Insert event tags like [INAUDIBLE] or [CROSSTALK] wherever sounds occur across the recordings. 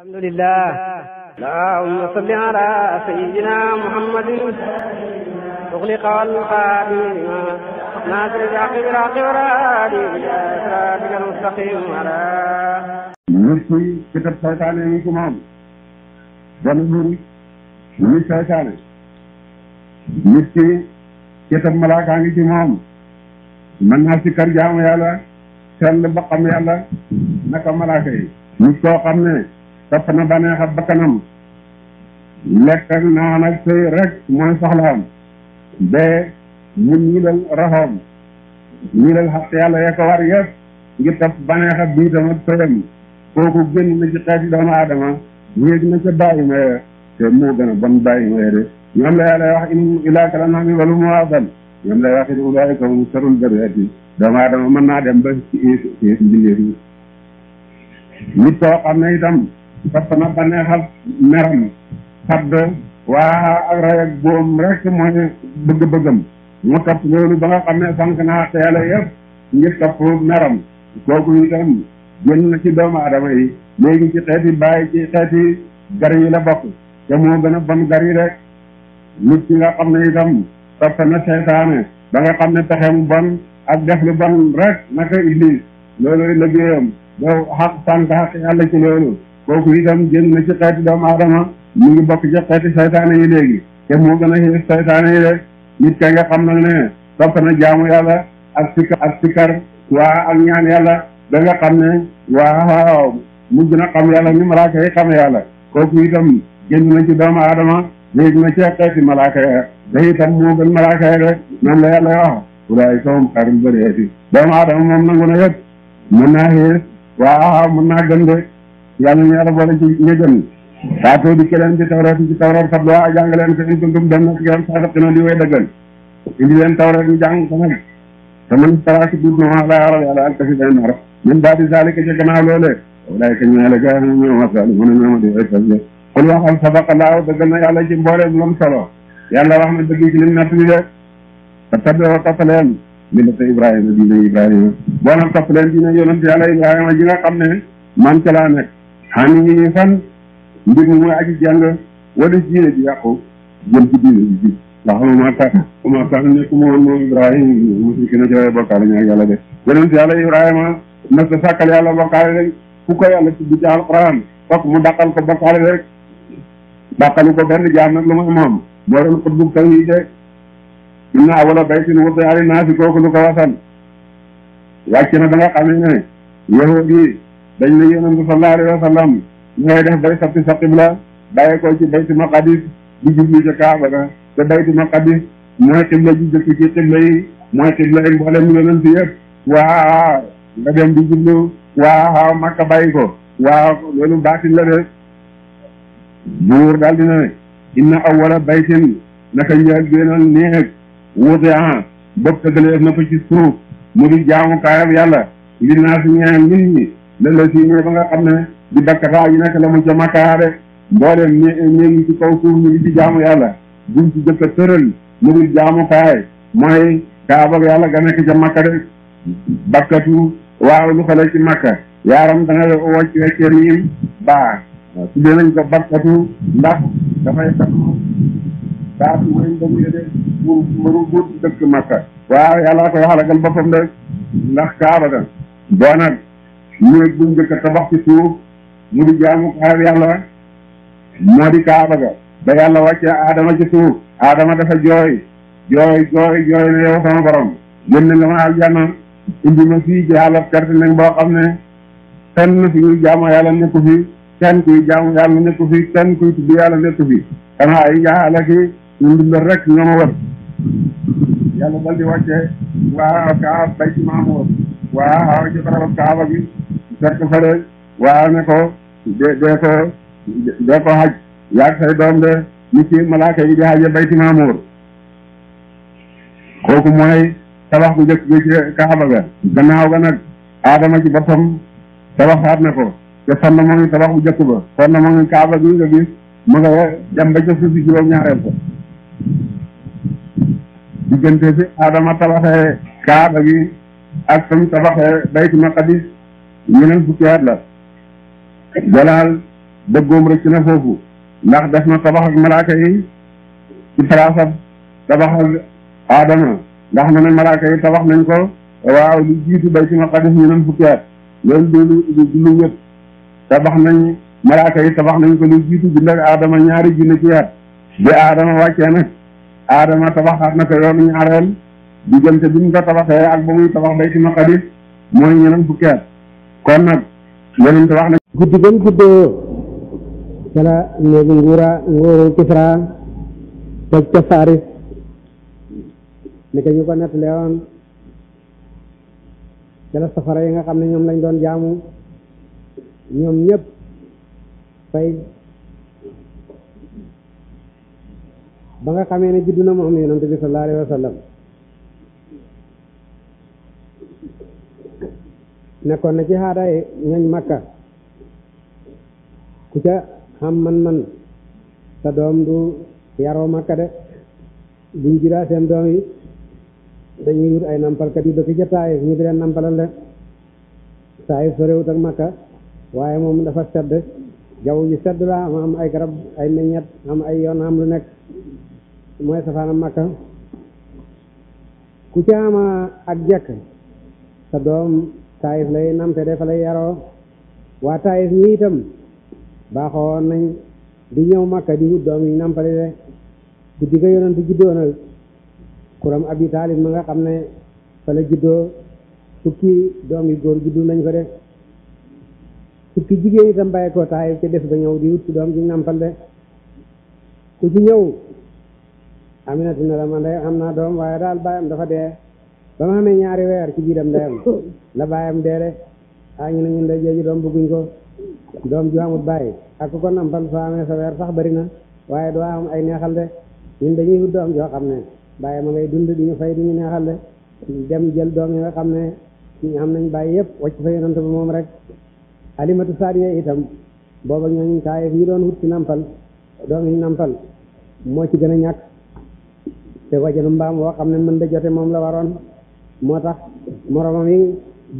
الحمد لله اللهم صل على سيدنا محمد أغلق والخاتم لما ناصر الحق بالحق المستقيم على ñi ci def saytaane ni ci moom dana muri ñi saytaane nit topp na baneex a bakkanam lekk ak naan ak sëy rek mooy soxlaam bee mu ñiilal roxoom ñiilal xaq yàlla ya ko war yëpp ngir topp baneex ak biitam ak sëyam kooku génn na ci xeeti doomu aadama yéeg na ca bàyyi ma ya te moo gën a bon bàyyi ma ya de ñoom la yàlla wax in ilaa kal an'aami lay wax it ulaa'ika aadama mën naa dem ba ci ci mbindeef yi nit koo xam ne itam ba sama bànneexam meram sabdo waa ak rey ak boom rek mooy bëgg-bëggam mu topp loolu ba nga xam ne sànq naa xaq yàlla yëpp ngir topp meram kooku itam génn na ci doomu adama yi léegi ci xeeti bàyyi ci xeeti gar yi la bokk te moo gën a bon gar yi rek nit ki nga xam ne itam topp na seytaane ba nga xam ne pexem bon ak def lu bon rek naka iblis loolu liggéeyam doo xaq sànq xaq yàlla ci loolu kooku itam génn na ci xeeti doomu aadama mu ngi bokk ci xeeti saytaane yi léegi te moo gën a xiir saytaane yi rek nit ka nga xam nag ne topp na jaamu yàlla ak sikar ak sikar waa ak ñaan yàlla da nga xam ne waa waaw mujj na xam yàlla ni malaaka yi xame yàlla kooku itam génn na ci doomu aadama léegi na ci xeeti malaaka ya da itam moo gën malaaka ya rek noonu la yàlla wax wulaay soom xarul bëreeti doomu aadama moom nangu na yëpp mën naa xiir waa mën naa gën de yàlla ñu yàlla boole ci ña gëm waatoo di keneen ci tawreet ci tawreet fab waa jàng leen ko in kuntum dem na si yoon sax dina di way dëggal indi leen tawreet ñu jàng ko nag te man taraasi duut na maa laa waral yàlla ak kasi benn rek min baadi zalika ca gannaaw loolee walaay ka ñëwee la gaa ñoom asal mu ne ñoom di way fas kon waxal sabaqa laaw dëggal na yàlla ci mbooleem lam solo yàlla wax na dëgg ci lim natt ni de te tabboo toppaleen millata ibrahima diina ibrahima boo nag toppaleen diina yonent yàlla ibrahima ji nga xam ne man ca laa nekk xam ni ñu ngi fan mbir mi mooy aji jàng wala diine ji yàqu jëm ci diine ji ndax ma tax ma tax nekk moom moom Ibrahima mosu gën a jawee bokkaale ñu ak yàlla de yonent yàlla Ibrahima mas a sàkkal yàlla bokkaale rek fu ko yàlla tudd ci alquran fokk mu dàqal ko bokkaale rek dàqalu ko benn jaam nag lu ma moom boo doon ko dugg tawhid de inna awwala baytin wudi'a linnaasi kooku lu ko wasan wàcc na ba nga xamee ne yahudi dañ ne yonent sallallahu alayhi wa sallam ñu ngay def day sappi sa qibla bàyyi ko ci baytu maqadis di jublu ca kaaba ga te baytu maqadis mooy qibla ji jëkk ci qibla yi mooy qibla yi mboolem yonent yëpp waaw nga dem di jublu waaw makka bàyyi ko waaw loolu baatin la de buur daal dina ne inna awwala baytin naka njël génal néeg wuute ah bopp tëgaleef na ko ci suuf mu di jaamu kaayam yàlla li naa si ñaan nit ñi léeg-léeg fii mu ba nga xam ne di dakkataa yi nekk la mu ca makkaare mboolem ñi ñi ngi ci kaw suuf ñu ngi ci jaamu yàlla buñ jëkk a tëral ñu jaamu kaay mooy kaabag yàlla ga nekk ca makka de bakkatu waaw lu xale ci makka yaaram da nga wocc wecce miim baa tuddee nañ ko bakkatu ndax dafay takku baatu mooy ndogu de pour mënu buut dëkk makka waaw yàlla ko waxalagal boppam de ndax kaaba ga boo néeg bu a tabax ci mu di jaamu xaar yàlla moo di kaaba ga ba yàlla wàcce aadama ci suuf aadama dafa jooy jooy jooy ne yow sama borom yónne nga ma indi ma fii ci xaalab carte boo xam ne kenn fi ñuy jaamu yàlla nekku fi kenn kuy jaamu yàlla nekku fi kenn kuy tudd yàlla nekku fi xanaa ay njaxaala ki ñu dundal rek ñoo ma wër yàlla dal di wàcce waa kaa bay ci maamoor वहाँ हवा की तरफ कहा होगी सर को खड़े वहाँ में को देखो देखो हज याद सही दम दे नीचे मला कही गया ये बैठी मामूर kooku mooy tabax bu njëkk bi ci kaaba ga gannaaw ga nag aadama ci boppam tabaxaat na ko te sonn moo ngi tabax bu njëkk ba sonn moo ngi kaaba gi nga gis ma nga dem ba ca suuf si juróom ñaareel ko diggante si aadama tabaxee kaaba gi ak sam tabaxee baytul maqdis ñeneen fukki at la jalaal dëggoom rëcc na foofu ndax def na tabax ak malaaka yi ci palaasab tabax ak aadama ndax ma ne malaaka yi tabax nañ ko waaw lu jiitu baytul maqdis ñeneen fukki at loolu du du lu wépp tabax nañ malaaka yi tabax nañ ko lu jiitu bind ak aadama ñaari junne ci at bi aadama wàccee nag aadama tabaxaat na ko yoonu ñaareel diggante bi ñu ko tabaxee ak ba muy tabax Baytul Maqdis mooy ñeneen fukki at kon nag yeneen wax na guddi gën guddoo ca la néegu nguura nguuru Kisra toj ca Faris ni ko ñu ko nettalee woon ca la safara yi nga xam ne ñoom lañ doon jaamu ñoom ñëpp fay ba nga xamee ne juddu na moom yonent nekkoon na ci xaadaay ñooñ makka ku ca xam man-man sa doom du yaroo makka de buñ jiraa seen doom yi dañuy wut ay nampalkat yu dëkk ca taayif ñu di leen nampalal de taayif sorewut ak makka waaye moom dafa sedd jaww ji sedd la am ay garab ay meññet am ay yoon am lu nekk mooy safaanam makka ku ca ama ak jekk sa doom taayif lay namte de fa lay yaroo waa taayif ñi itam baaxoon nañ di ñëw makka di wut doom yi nampale de guddi ga yonent juddoo nag kuram abi taalib ma nga xam ne fa la juddoo fukki doom yi góor juddu nañ ko de fukki jigéen itam bàyyi ko taayif ci des ba ñëw di wut ci doom ji nampal de ku ci ñëw aminatu na la man de xam naa doom waaye daal bàyyam dafa dee ba ma xamee ñaari weer ci dem ndeyam la baayam deele ah ñu ne ñun de jooju doom bëgguñ ko doom ju amut bàyyi ak ku ko nampal soo amee sa weer sax bari na waaye doo am ay neexal de ñu dañuy wut doom joo xam ne bàyyi ma ngay dund di ñu fay di ñu neexal de xam ne ñu nañ bàyyi yëpp wacc fa yonante moom rek alimatu saadiya itam booba ñooñu taayif yi doon wut ci nampal doom yi nampal moo ci gën a ñàkk te wajanu mbaam woo xam ne mën da jote moom la waroon moo tax moromam yi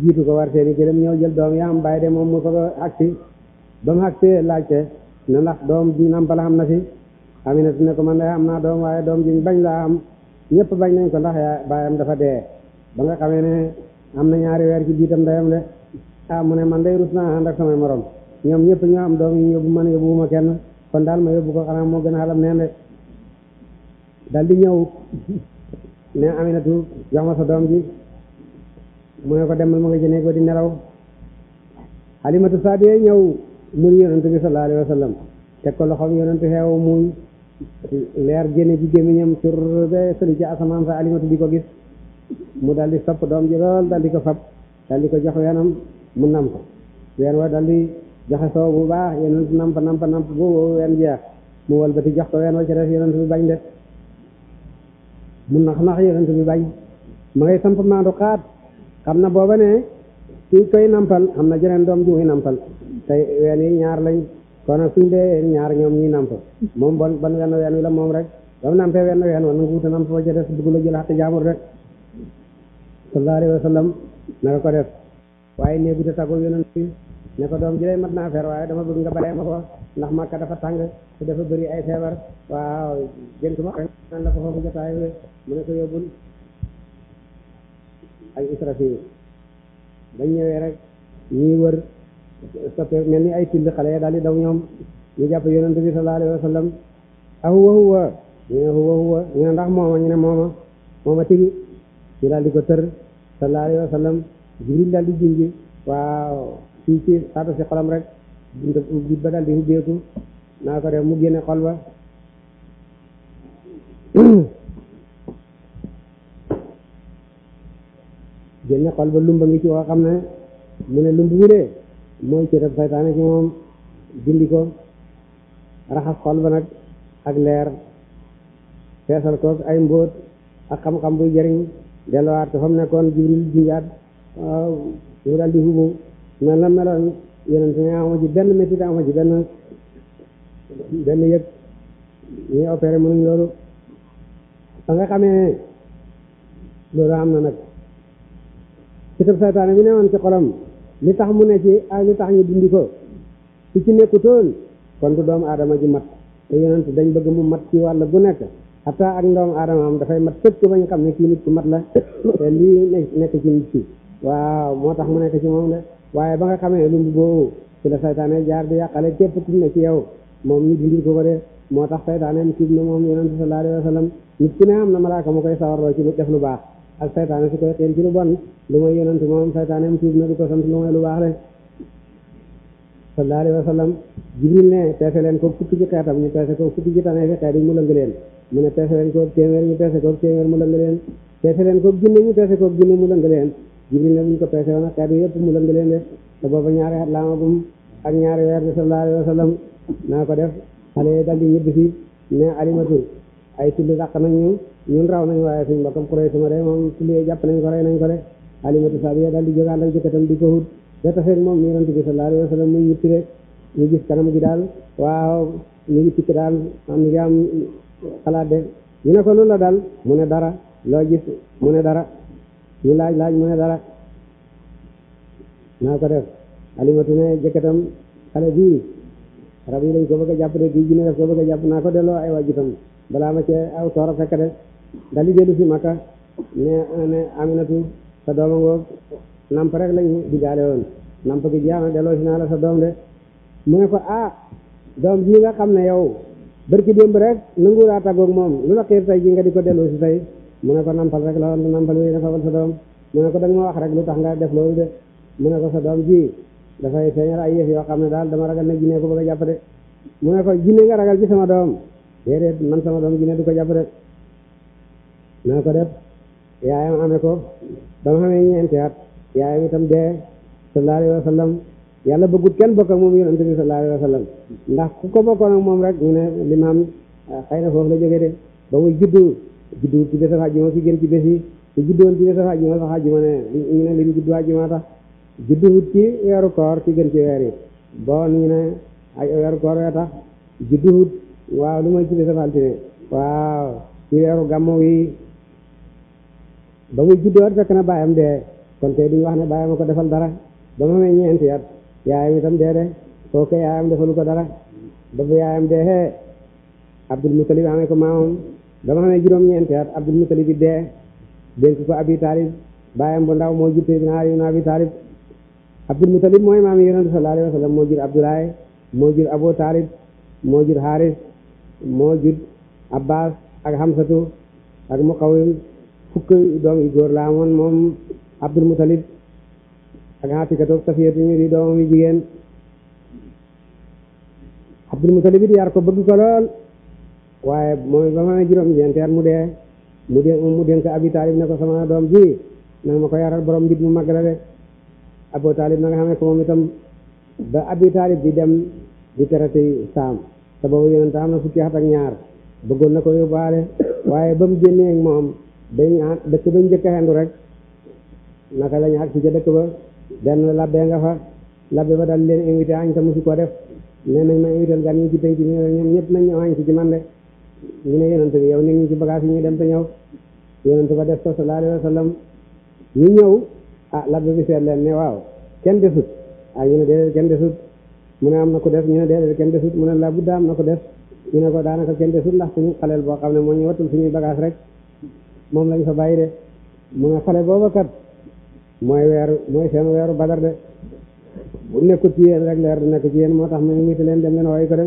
jiitu ko war seeni gëlëm jël doom yaa am bay de moom mu soog a agsi ba mu agsee laajte ne ndax doom nampal xam na fi Aminata ne ko man de am naa doom waaye doom ji bañ laa am ñëpp bañ nañ ko ndax yaa baayam dafa dee ba nga xamee ne am na ñaari weer ci biitam ndeyam de ah mu ne man day rus naa ànd ak samay morom ñoom ñëpp ñoo am doom yi yóbbu man yóbbuwuma kenn kon daal ma yóbbu ko xanaa moo gën a xalam de dal di ñëw ne Aminatu jox ma sa doom ji mu ne ko demal ma nga jënee ko di nelaw Halimatu Saadiya ñëw mun yonentu bi sallallahu alayhi wa sallam teg ko loxoom yonentu xeew muy leer génne ci gémmiñam sur be sëli ci asamaan sa Halimatu di ko gis mu daal di sopp doom ji lool daal di ko fab daal di ko jox weenam mu nam ko ween wa daal di joxe soow bu baax yonentu namp namp wa ci def yonentu bi bañ mun na nax yonent bi bañ ma ngay samp maandu xaat xam na booba ne kii koy nampal am na jeneen doom ju muy nampal te ween yi ñaar lañ kon nag suñ dee ñaar ñoom ñuy namp moom bon ban wenn ween wi la moom rek ba mu nampee wenn ween wa nangu wuta namp ba ca des dugg la jël xaq jaamur rek sallallahu alayhi wa sallam naka ko def waaye néegu te tagoo yonent bi ne ko doom ji lay mat naa feer waaye dama bëgg nga balee ma ko ndax màkka dafa tàng te dafa bëri ay feebar waaw jënt ma rek naan la ko foofu jotaay mu ne ko yóbbul ak israfil dañ ñëwee rek ñuy wër soppe mel ni ay tilli xale ya daal di daw ñoom ñu jàpp yonent bi sallallahu alayhi wa sallam huwa huwa ñu huwa huwa ñu ne ndax mooma ñu ne mooma mooma tigi ñu daal di ko jibril daal di jinji waaw fii ci saata si rek buntu ubbi di ubbeeku naa ko mu génne xol ba jëlne xol ba lumba nga ci koo xam ne mu ne lumb bi de mooy ci def saytaane ci moom dindi ko raxas xol ba nag ak leer feesal koog ay mbóot ak xam-xam buy jëriñ delluwaat dafa mu nekkoon jibril jiyaat mu daal di xubu mel na meloon yeneen si amu ci benn métite amu ci benn benn yëg ñuy opéré mënuñ loolu ba nga xamee loolu am na nag xitub saytaane bi ne woon ci xolam li tax mu ne ci ak li tax ñu dindi ko su ci nekkutoon kon du doomu aadama ji mat te yonent dañ bëgg mu mat ci wàll bu nekk xataa ak doomu aadama am dafay mat sëkk ba ñu xam ne kii nit ku mat la te lii nekk ci nit ki waaw moo tax mu nekk ci moom la waaye ba nga xamee lumbu boobu ci na saytaane jaar di yàqale képp ku ci yow moom ñu dindil ko ko de moo tax saytaane tiib na moom yonent sallallahu alayhi wa sallam nit ku ne am na malaaka mu koy sawarloo ci lu lu baax ak saytaane su koy teel ci lu bon lu may yonent moom saytaaneem tuub na du ko sant lu may lu baax rek sallallahu alayhi wa sallam jibril ne peese leen ko fukki ci xeetam ñu peese ko fukki ci tane fi xeet yi mu lëng leen mu ne peese leen ko téeméer ñu peese ko téeméer mu lëng leen peese leen ko junne ñu peese ko junne mu lëng leen jibril ne bu ñu ko peese woon ak xeet yi yëpp mu lëng leen de te booba ñaari at laa magum ak ñaari weer de sallallahu alayhi wa sallam naa ko def xale yi dal di ñibbi si ne alimatu ay tudd dàq nañu ñun raw nañ waaye suñ mbokkam Quraysh ma de moom tulie jàpp nañ ko rey nañ ko de alimatu sadiya daal di jógaan ak jëkkatam di ko wut ba taseeg moom ñu yonent bi sallallahu alayhi wa sallam muy ñitti rek ñu gis kanam gi daal waaw ñu ngi tikk daal am ngi am xalaat de ñu ne ko lu la daal mu ne dara loo gis mu ne dara ñu laaj laaj mu ne dara naa ko def alimatu ne jëkkatam xale bii rab yi lañ ko bëgg a jàpp de kii jinne def ko bëgg a jàpp naa ko delloo ay waajutam balaa ma ci aw toora fekk de daal di dellu si Makka ne ne Aminatu sa dooma ngoog namp rek lañu digaale woon namp gi jeex na delloo si naa la sa doom de mu ne ko ah doom ji nga xam ne yow bërki démb rek nangu laa tàggoog moom lu la xiir tey ji nga di ko delloo si tey mu ne ko nampal rek la nampal wéy na fabal sa doom mu ne ko da ma wax rek lu tax nga def loolu de mu ne ko sa doom ji dafay feeñal ay yëf yoo xam ne daal dama ragal ne jinne ko bëgg a de mu ne ko jinne nga ragal ci sama doom déedéet man sama doom jinne du ko jàpp naa ko def yaayam amee ko ba mu xamee ñeenti at yaayam itam dee sallallahu alayhi wa sallam yàlla bëggut kenn bokk ak moom yonent bi sallallahu alayhi wa sallam ndax ku ko bokkoon ak moom rek ñu ne limaam ah, xëy na foofu la jógee de ba muy juddu juddu ci bés àjjuma ki gën ci bés yi te juddoon ci bés àjjuma sax àjjuma ne ñu ne lim juddu àjjuma tax juddu ci weeru koor ci gën ci weer yi boo ñu ne ay weeru koor wee tax juddu waaw lu may ci bés altine waaw ci weeru gàmmu wi ba muy juddoo fekk na baayam dee kon tey duñu wax ne baayam ko defal dara ba mu amee ñeenti at yaayam itam dee de kooku yaayam defalu ko dara ba bu yaayam dee hee Abdul Mutalib amee ko maamam ba mu amee juróom-ñeenti at Abdul Mutalib dee dénk ko Abi Talib baayam bu ndaw moo jur Seydina Ali ibn Abi Talib Abdul Mutalib mooy maam Yonent sallallahu alayhi wa moo jur Abdoulaye moo Abu Talib moo jur Haris moo jur Abbas ak Hamsatu ak Muqawim fukk doom yu góor la moom Abdul Mutalib ak Atikatu Safiyatu ñu di doomam yu jigéen Abdul Mutalib it yar ko bëgg ko waaye mooy ba ma juróom-ñeenti at mu dee mu dé mu dénk Abi Taalib ne ko sama doom ji nanga ma ko yaral borom njit mu màgg la de Abu Taalib na nga xam ko moom itam ba Abi Taalib di dem di terati saam te boobu yonent am na fukki at ak bëggoon na ko yóbbaale waaye ba mu génnee ak moom bañ a dëkk bañ njëkk a xendu rek naka la ñu àgg si ca dëkk ba benn labbe nga fa labbe ba daal leen invité añ ta musu ko def nee nañ ma invité gan ñi ci penc bi ñëpp nañ ñëw añ si ci man de ñu ne yonent bi yow ñu ngi ci bagage yi ñuy dem te ñëw yonent ba def ko sallallahu alayhi wa sallam ñu ñëw ah labbe bi seet leen ne waaw kenn desut ah ñu ne déedéet kenn desut mu ne am na ko def ñu ne déedéet kenn desut mu ne la budda am na ko def ñu ne ko daanaka kenn desut ndax suñu xaleel boo xam ne moo ñuy wattul suñuy bagage rek moom lañ fa bàyyi de mu ne xale booba kat mooy weeru mooy seen weeru badar de bu nekkul ci yéen rek leer du nekk ci yéen moo tax may witi leen dem leen wooyu ko de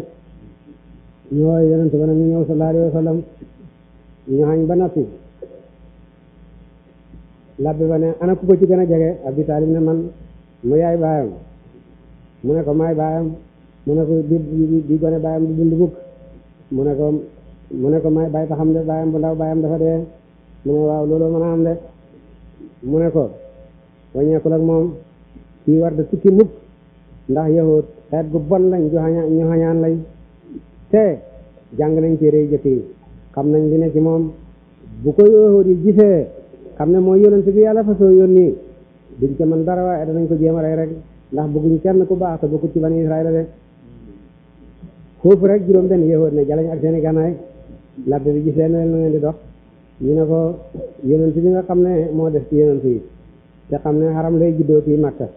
ñu wooyu yonent ba ne ñu ñëw sallallahu alayhi wa sallam ñu xañ ba noppi labbi ba ne ana ku ko ci gën a jege Abi Taalib ne man mu yaay baayam mu ne ko maay baayam mu ne ko di di gone baayam di dund bukk mu ne ko mu ne ko maay baay taxam de baayam bu ndaw baayam dafa dee mu ne waaw loolu mën a de mu ne ko wañeekul ak moom kii war da tukki mukk ndax yahut xeet gu bon lañ ñu xañaan lay te jàng nañ téere jëkk yi xam nañ li ne ci moom bu ko yahut yi gisee xam ne mooy yonent bi yàlla fa soo yónni duñ ca mën dara waaye danañ ko jéem a rey rek ndax bëgguñ kenn ku baax te bëggu ci bani Israël de foofu rek juróom benn yahut ne jalañ ak seeni gànnaay labbe bi gis leen leen na ñu ne ko yonent bi nga xam ne moo def ci yonent yi te xam ne xaram lay juddoo fii Makka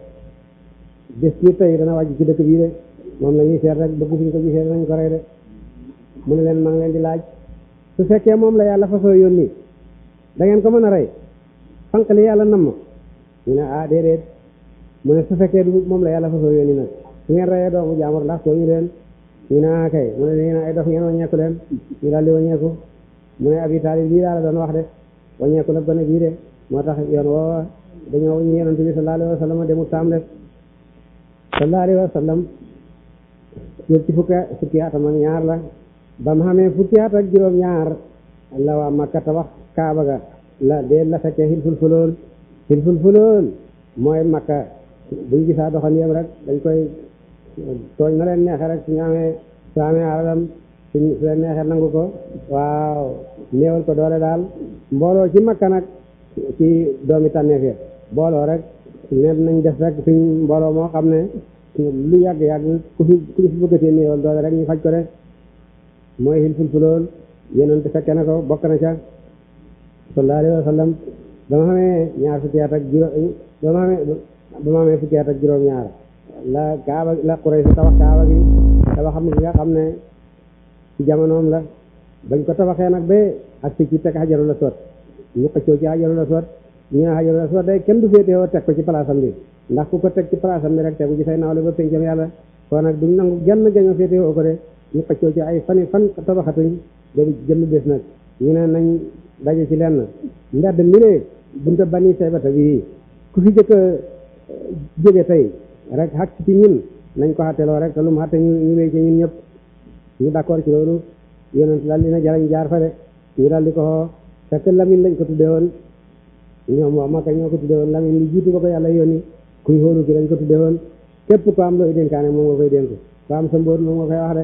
bés ni tey dana wàcc ci dëkk bii de moom la ñuy seet rek bëgg fuñ ko gisee nañ ko rey de mu ne leen maa ngi leen di laaj su fekkee moom la yàlla fasoo yónni da ngeen ko mën a rey fanq li yàlla namm ñu ne ah déedéet mu ne su fekkee du moom la yàlla fasoo yónni nag su ngeen reyee doomu jaamur ndax soo ñu leen ñu ne ah kay mu ne leen ay dof ngeen waññeeku leen ñu daal di waññeeku mu ne abi taalib lii daal la doon wax de waññeeku na gone bii de moo tax yoon woowa dañoo waññi yonent bi sallallahu alayhi wa sallam demu taam de sallallahu alayhi la mu xamee fukki at ñaar la waa Makka tabax Kaaba ga la dee la fekkee xilful fuloon xilful fuloon mooy Makka buñ gisaa doxandéem rek dañ koy tooñ na leen neexee rek suñu amee su amee suñ la neexee nangu ko waaw néewal ko doole daal mbooloo ci makka nag ci doomi tànneef ya booloo rek ne nañ def rek suñ mbooloo moo xam ne lu yàgg yàgg ku fi ku fi bëggatee néewal doole rek ñu faj ko mooy xil ful fulool yonent fekke na ko bokk na ca sallallahu alayhi wa sallam ba ma xamee ñaar fukki at ak juróom ba ma xamee ba ma xamee fukki at ak juróom ñaar la kaaba la Quraysh tabax kaaba gi ne ci jamonoom la bañ ko tabaxee nag ba ak si ci teg xajarul aswad ñu xëccoo ci xajarul aswad ñu ne xajarul aswad day kenn du féetewoo teg ko ci palaasam bi ndax ku ko teg ci palaasam bi rek tegu ci say naawle ba pencam yàlla kon nag duñ nangu genn gaño féetewoo ko de ñu xëccoo ci ay fani fan tabaxatuñ dabi jëmm bés nag ñu ne nañ daje ci lenn mbedd mbiree bunta bani saybata bi ku fi jëkk eh, jóge tey rek xàq ci ñun nañ ko xàtteloo rek te lu mu xàtte ñu ci ñun ñëpp ñu d'accord ci loolu yonent daal dina jarañ jaar fa de ñu daal di ko xoo fekk lamin lañ ko tuddee woon ñoom waa Makka ñoo ko tuddee woon lamin li jiitu ko ko yàlla yónni kuy xóolu ki lañ ko tuddee woon képp ko am looy dénkaane moom nga koy dénk ko am sa mbóot moom nga koy wax de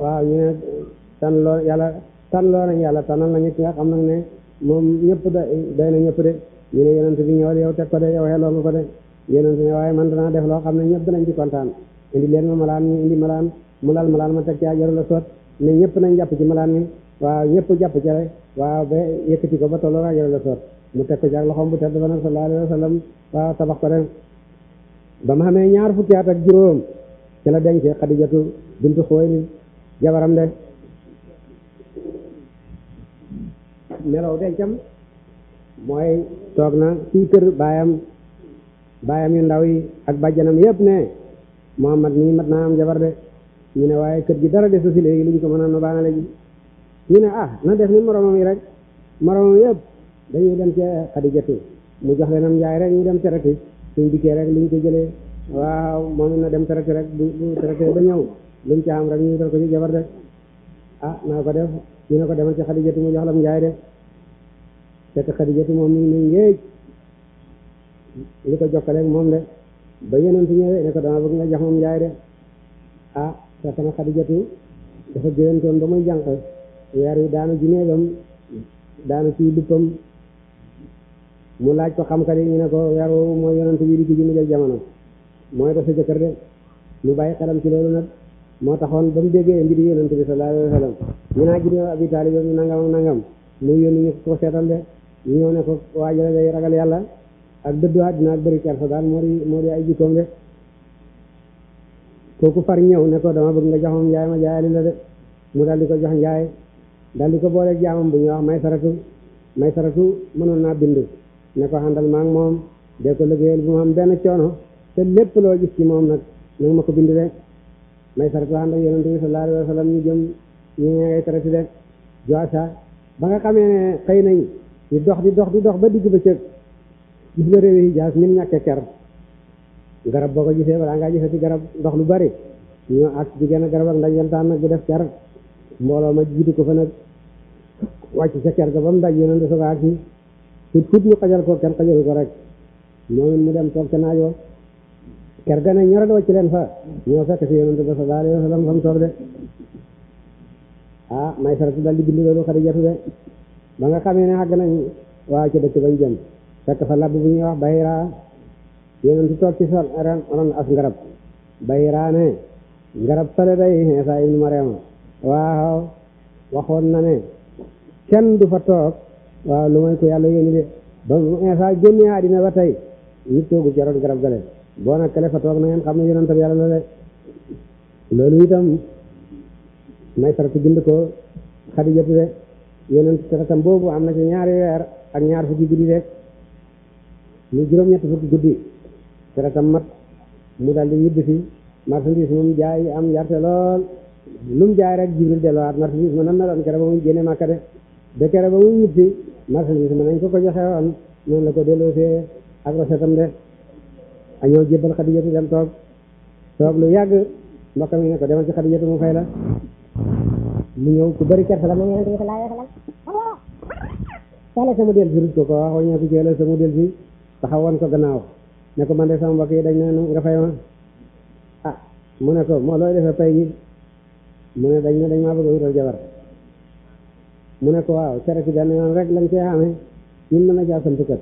waaw ñu ne tan loo yàlla tan loo nañ yàlla tanal nañu ki nga xam nag ne moom ñëpp da day na ñëpp de ñu ne yonent bi ñëwal yow teg ko de yow xeloo nga ko de yonent ne waaye man danaa def loo xam ne ñëpp danañ ci kontaan indi leen ma malaan ñu indi malaan mu lal malaan ma teg ca jarul a soot ne ñëpp nañ jàpp ci malaan mi waaw ñëpp jàpp ca rek waaw ba yëkkati ko ba tolloo ak jarul a soot mu teg ci ak loxoom bu tedd ba nag sallallahu alayhi wa sallam waaw tabax ko rek ba mu xamee ñaar fukki at ak juróom ci la dencee xadijatu bintu xooy ni jabaram de melaw dencam mooy toog na fii kër baayam baayam yu ndaw yi ak bàjjanam yëpp ne Muhammad nii mat naa am jabar de ñu ne waaye kër gi dara desu si léegi lu ko mën a nobaanale ji ñu ne ah na def ni moromam yi rek moromam yëp dañuy dem ca xadijatu mu jox leen am njaay rek ñu dem terati suñ dikkee rek lu ñu ko jëlee waaw moom na dem terati rek bu bu terati ba ñëw lu mu ca am rek ñu dal ko ci jabar rek ah ko def ñu ne ko demal ci mu jox la am njaay de fekk xadijatu moom mi ngi yéeg li ko jokkaleeg moom de ba yeneen fi ñëwee ne ko fekk na Xadijatu dafa géyantoon ba muy jànq weer yi daanu ci néegam daanu ci luppam mu laaj ko xam-xam yi ñu ne ko weer woowu mooy yonent bi di ki ji mu jël jamono mooy ko sa jëkkër de mu bàyyi xelam ci moo taxoon ba mu déggee mbiri yonent bi sallallahu alayhi wa sallam ñu naa gineew abi taalib ñu nangam nangam mu yónni ñu ko seetal de ñu ñëw ne ko waajale day ragal yàlla ak dëddu àddina ak bëri kersa daal moo di moo ay jikkoom de kooku far ñëw ne ko dama bëgg nga jox ma njaay ma jaayali la de mu daal di ko jox njaay daal ko boole jaamam bu ñu wax may saratu may saratu mënoon naa bind ne ko xandal maa ngi moom dee ko liggéeyal benn coono te lépp loo gis ci moom nag na nga ma ko bind de may saratu ànd ak yonente bi sallallahu alayhi wa sallam ñu jëm ñu ngay traité de joasa ba nga xamee ne xëy nañ di dox di dox di dox ba digg ba cëg gis nga réew yi jaas ñun ñàkkee ker garab boo ko gisee balaa ngaa gisati garab ndox lu bari ñu ak diggante garab ak ndajantaan nag bu def car mbooloo ma jiitu ko fa nag ca car ga ba mu daj yonent soog a agsi fut fut ñu xajal ko kenn xajalu ko rek moom mu dem toog ca naajoo car ga ne ñorade leen fa ñoo fekk si yonent ba sallallahu alayhi wa sallam fa mu toog de ah may saratu dal di bind loolu xadijatu de ba nga xamee ne àgg nañ waaw ca dëkk bañ jëm fekk fa labb bu ñuy wax bayraa yonent toog ci sol ron as ngarab bay raane ngarab fale day Iisaa ibnu Maryam waaw waxoon na ne kenn du fa toog waaw lu may ko yàlla yónni de ba mu Iisaa génne àddina ba tey nit toogu ci ron garab gale boo nag kale fa toog na ngeen xam ne yonentam yàlla la de loolu itam may saratu bind ko Xadijatu de yonent saratam boobu am na ci ñaar weer ak ñaar fukki guddi rek mu juróom-ñett fukki guddi seretam mat mu daal di ñibbi si marchandise moom jaay am yarte lool lu mu jaay rek jibril delluwaat marchandise ma nan na doon kere ba muy génne màkka de de kere ba muy ñibbi marchandise ma nañ ko ko joxe woon noonu la ko delloosee ak rosetam de a ñëw jébbal xadijatu dem toog toog lu yàgg mbokkam yi ne ko demal ci xadijatu mu fay la mu ñëw ku bari kersa la moom yonente bi si rut ko ko wax wañeeku ci yàlla sama del si taxawoon ko gannaaw ne ko man de sama mbokk yi dañ ne nga fay ma ah mu ne ko moo looy defee pay gi mu ne dañ ne dañ maa bëgg a wutal jabar mu ne ko waaw cere si benn yoon rek lañ cee xamee ñun mën na caa sant kër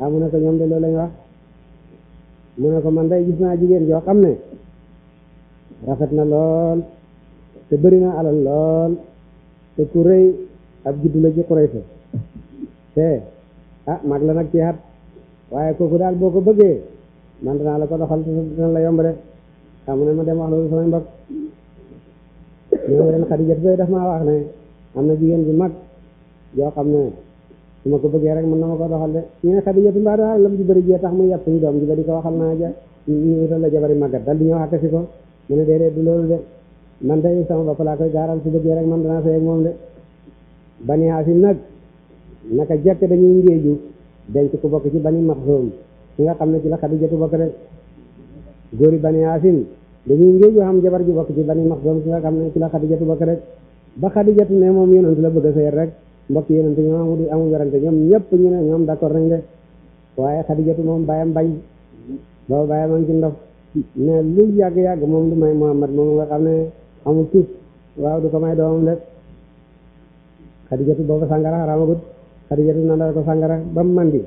ah mu ne ko ñoom de loolu lañ wax ne ko man day gis naa jigéen joo xam ne rafet na lool te a na alal lool te ku ab juddu la ci Quraysh te ah mag la nag ci at waaye kooku daal boo ko bëggee man danaa la ko doxal te dina la yomb de xam ma dem wax loolu samay mbokk ñoo leen Xadija wax ne am na jigéen ju mag yoo xam ne su ma ko bëggee rek mën na ma ko doxal de ñu ne Xadija mbaa daal lam ju bëri jee tax mu yàpp ñu doom ji di ko waxal naa ja ñu utal la jabari màggat dal di ñëw àkk si ko mu ne déedéet du loolu de man tey sama bopp laa koy gaaral su bëggee rek man danaa sëy ak moom de bani Haasim nag naka jekk dañuy ngéeju denc ku bokk ci bani maxsoom ki nga xam ne ci la xadijatu bokk rek góori bani yaasin dañuy ngéeju xam jabar ju bokk ci bani maxsoom ki nga xam ne ci la xadijatu bokk rek ba xadijatu ne moom yonent la bëgg a sëyat rek mbokk yonent ñoom amul amul werante ñoom ñëpp ñu ne ñoom d'accord nañ de waaye xadijatu moom bàyyam bañ booba bàyyam a ngi ci ndof ne lu yàgg-yàgg moom du may Muhammad moom nga xam ne amul tuut waaw du ko may doomam rek xadijatu booba sàngara xaraamagut Xadijatu nandal ko sàngara ba mu di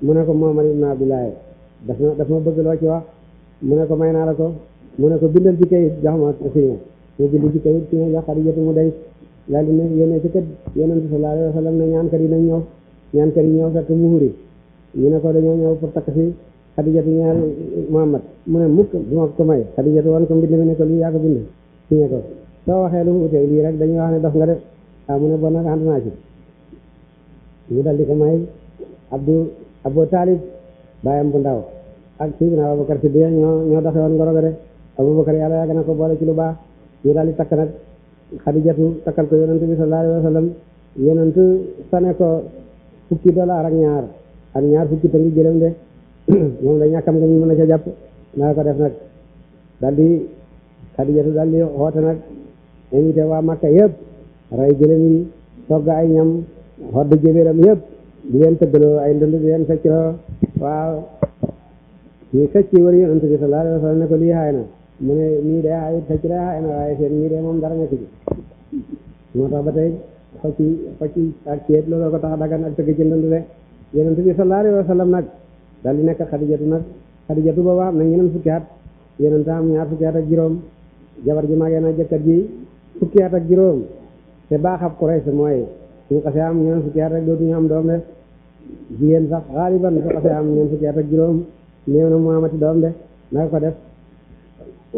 mu ne ko Muhammad ibn Abdullah daf ma daf ma bëgg loo ci wax mu ne ko may naa la ko mu ne ko bindal ci kayit jox ma signé mu bind ci kayit signé jox Xadijatu mu denc daal di ne yónnee ci kër yonent sallallahu alayhi wa ne ñaan kat yi nañ ñëw ñaan kat yi ñëw fekk muhuri ñu ne ko dañoo ñëw pour takk si Xadijatu ñaar Muhammad mu ne mukk du ma ko may Xadijatu wan ko mbind mi ne ko lii yaa ko bind signé ko soo waxee lu mu utee rek dañuy wax ne dof nga def ah mu ne bon nag ànd naa ñu dal di ko may Abdou Abou Talib bàyyam bu ndaw ak Sidina Aboubacar si biir ñoo ñoo doxe woon ngoro ga de Aboubacar yàlla yàgg na ko boole ci lu baax ñu dal di takk nag Xadijatu takkal ko yonent bi sallallahu alayhi wa sallam yonent sane ko fukki dollar ak ñaar ak ñaar fukki te ngi jëlem de [CLEARS THROAT] moom la ñàkkam nga ñu mën a ca jàpp ko def nag dal di Xadijatu dal di xoote nag invité waa Makka yëpp rey jëlem yi togg ay ñam xodd jëméeram yëpp di leen tëggaloo ay ndënd di leen feccloo waaw ñi fecc wër yonent bi sallallahu alayhi wa sallam ne ko lii xaay na mu ne ñii dee xaayit fecc dee xaay na waaye seen ñii dee moom dara nekk ci moo tax ba tey xocci xocci ak ceet looloo ko tax dagan ak tëgg ci ndënd de yonent bi sallallahu alayhi wa sallam nag daal di nekk xadijatu nag xadijatu booba am na ñeneen fukki at yonent am ñaar fukki at ak juróom jabar ji màggee na jëkkër ji fukki at ak juróom te baaxab Quraysh mooy su xasee am ñeent fukki at rek dootuñu am doom de jigéen sax xaaliban su xasee am ñeent fukki at rek juróom néew na mu amati doom de na ko def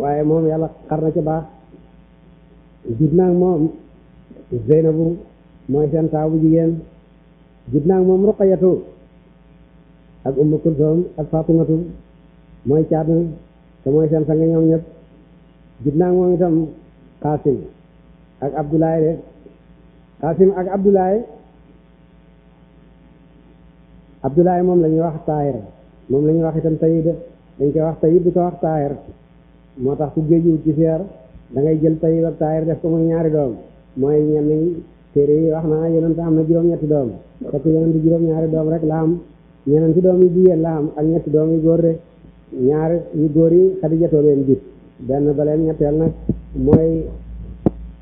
waaye moom yàlla xar na ci baax jut naag moom Zeynabu mooy seen taaw bu jigéen jut naag moom Ruqayatu ak Ummu Kulsoom ak Fatumatu mooy caat na te mooy seen sang ñoom ñëpp jut naag moom itam Xaasim ak Abdoulaye de Qasim ak Abdoulaye Abdoulaye moom la ñuy wax Taayir moom la ñuy wax itam Tayib dañ koy wax Tayib di ko wax Taayir moo tax ku géeju ci seer da ngay jël Tayib ak Taayir def ko muy ñaari doom mooy ñenn ñi téere yi wax na yonent am na juróom-ñetti doom fekk yonent juróom-ñaari doom rek la am ñeneen ci doom yi jigéen laam am ak ñetti doom yu góor rek ñaar yu góor yi Xadijatoo leen jur benn ba leen ñetteel nag mooy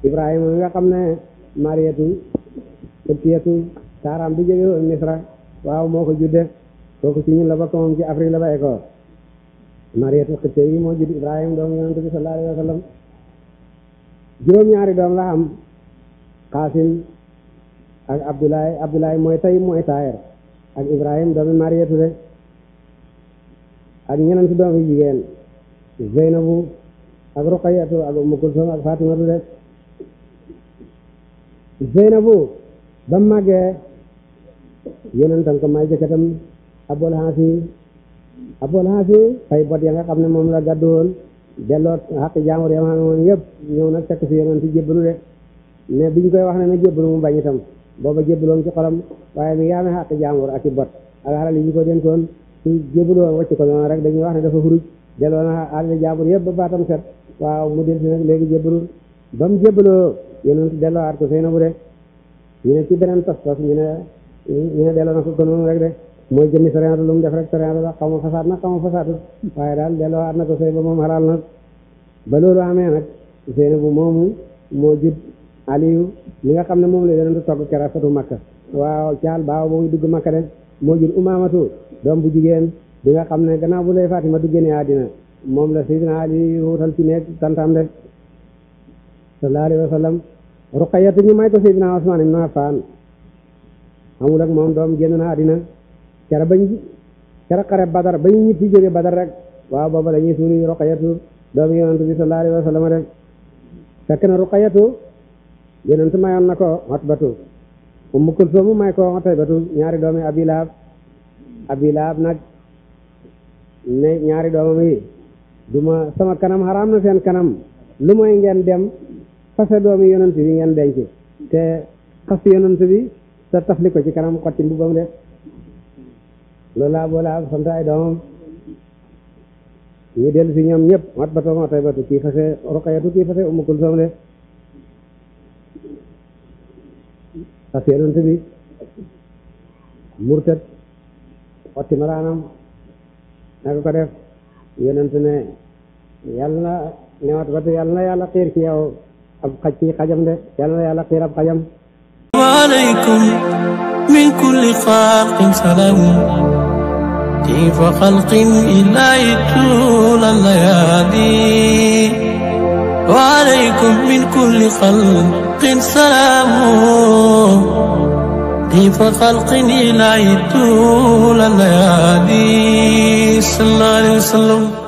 Ibrahima mi nga xam ne. mariyatu xëttiyatu saaraam bi jóge woon misra waaw moo ko judde kooku ci ñun la bokk moom ci afrique la ba école mariyatu xëttiya yi moo judd ibrahim doomu yonente bi sallallahu alayhi wa sallam juróom-ñaari doom la am xaasim ak abdoulaye abdoulaye mooy tay mooy tayer ak ibrahim doomi mariyatu de ak ñeneen doomi jigéen zeynabu ak ruqayatu ak ummu kulsum ak fatimatu de Zeynabu ba mu màggee yonentam ko may jëkkatam Abul Haasi Abul Haasi fay bot ya nga xam ne moom la gàddu woon delloo xaq jaamur ya ma woon yëpp ñëw nag fekk si yonent jébbalu de mais biñ koy wax ne na jébbalu mu bañ itam booba jébbaloon ci xolam waaye mi ngi amee xaq jaamur ak i bot ak xaral yi ñu ko dénkoon su jébbaloon ko noonu rek dañuy wax ne dafa xuruj delloo na xaq jaamur yëpp ba baatam set waaw mu del si nag léegi ba mu jébbaloo yonent delloo aat ko Seynabu de ñu ne ci beneen tas tas ñu ne ñu ne delloo na ko noonu rek de mooy jëmmi sariya lu mu def rek sariya la xaw ma fasaat nag xaw ma fasaatut waaye daal delloo aat na ko sëy ba moom xalaal na ba loolu amee nag Seynabu moomu moo jub nga xam ne moom la yonent togg kera fatu Makka waaw caal baaw ba muy dugg Makka de moo jur bu jigéen bi nga xam ne gannaaw bu lay Fatima duggee ne àddina moom la Seydina ci nekk tantam de sallallahu alayhi wa sallam ruqayatu ñu may ko sayyidina Usman ibn Affan amul ak moom doom génn na àddina cara bañ cara xare badar bañ ñi fi jóge badar rek waaw booba dañuy suuri ruqayatu doomu yonentu bi sallallahu alayhi wa sallam rek fekk na ruqayatu yonentu mayoon na ko Utbatu Ummu Kulsum may ko Utaybatu ñaari doomi Abi Lahab Abi Lahab nag ne ñaari doomam duma sama kanam xaraam na seen kanam lu mooy ngeen dem fase doomi yonent bi ngeen denc te xas yonent bi te tafli ko ci kanam xotti mbubbam def loolu laa boole ab sant ay doomam ñu dellu si ñoom ñëpp mat ba tooma tay batu kii fase roqayatu kii fase umu kulsoom def xas yonent bi murtat xotti malaanam naka ko def yonent ne yàlla na newat batu yàlla na yàlla xiir ci yow وعليكم من كل خلق سلام كيف خلق إلا طول الليالي وعليكم من كل خلق سلام كيف خلق إلا طول الليالي صلى الله عليه وسلم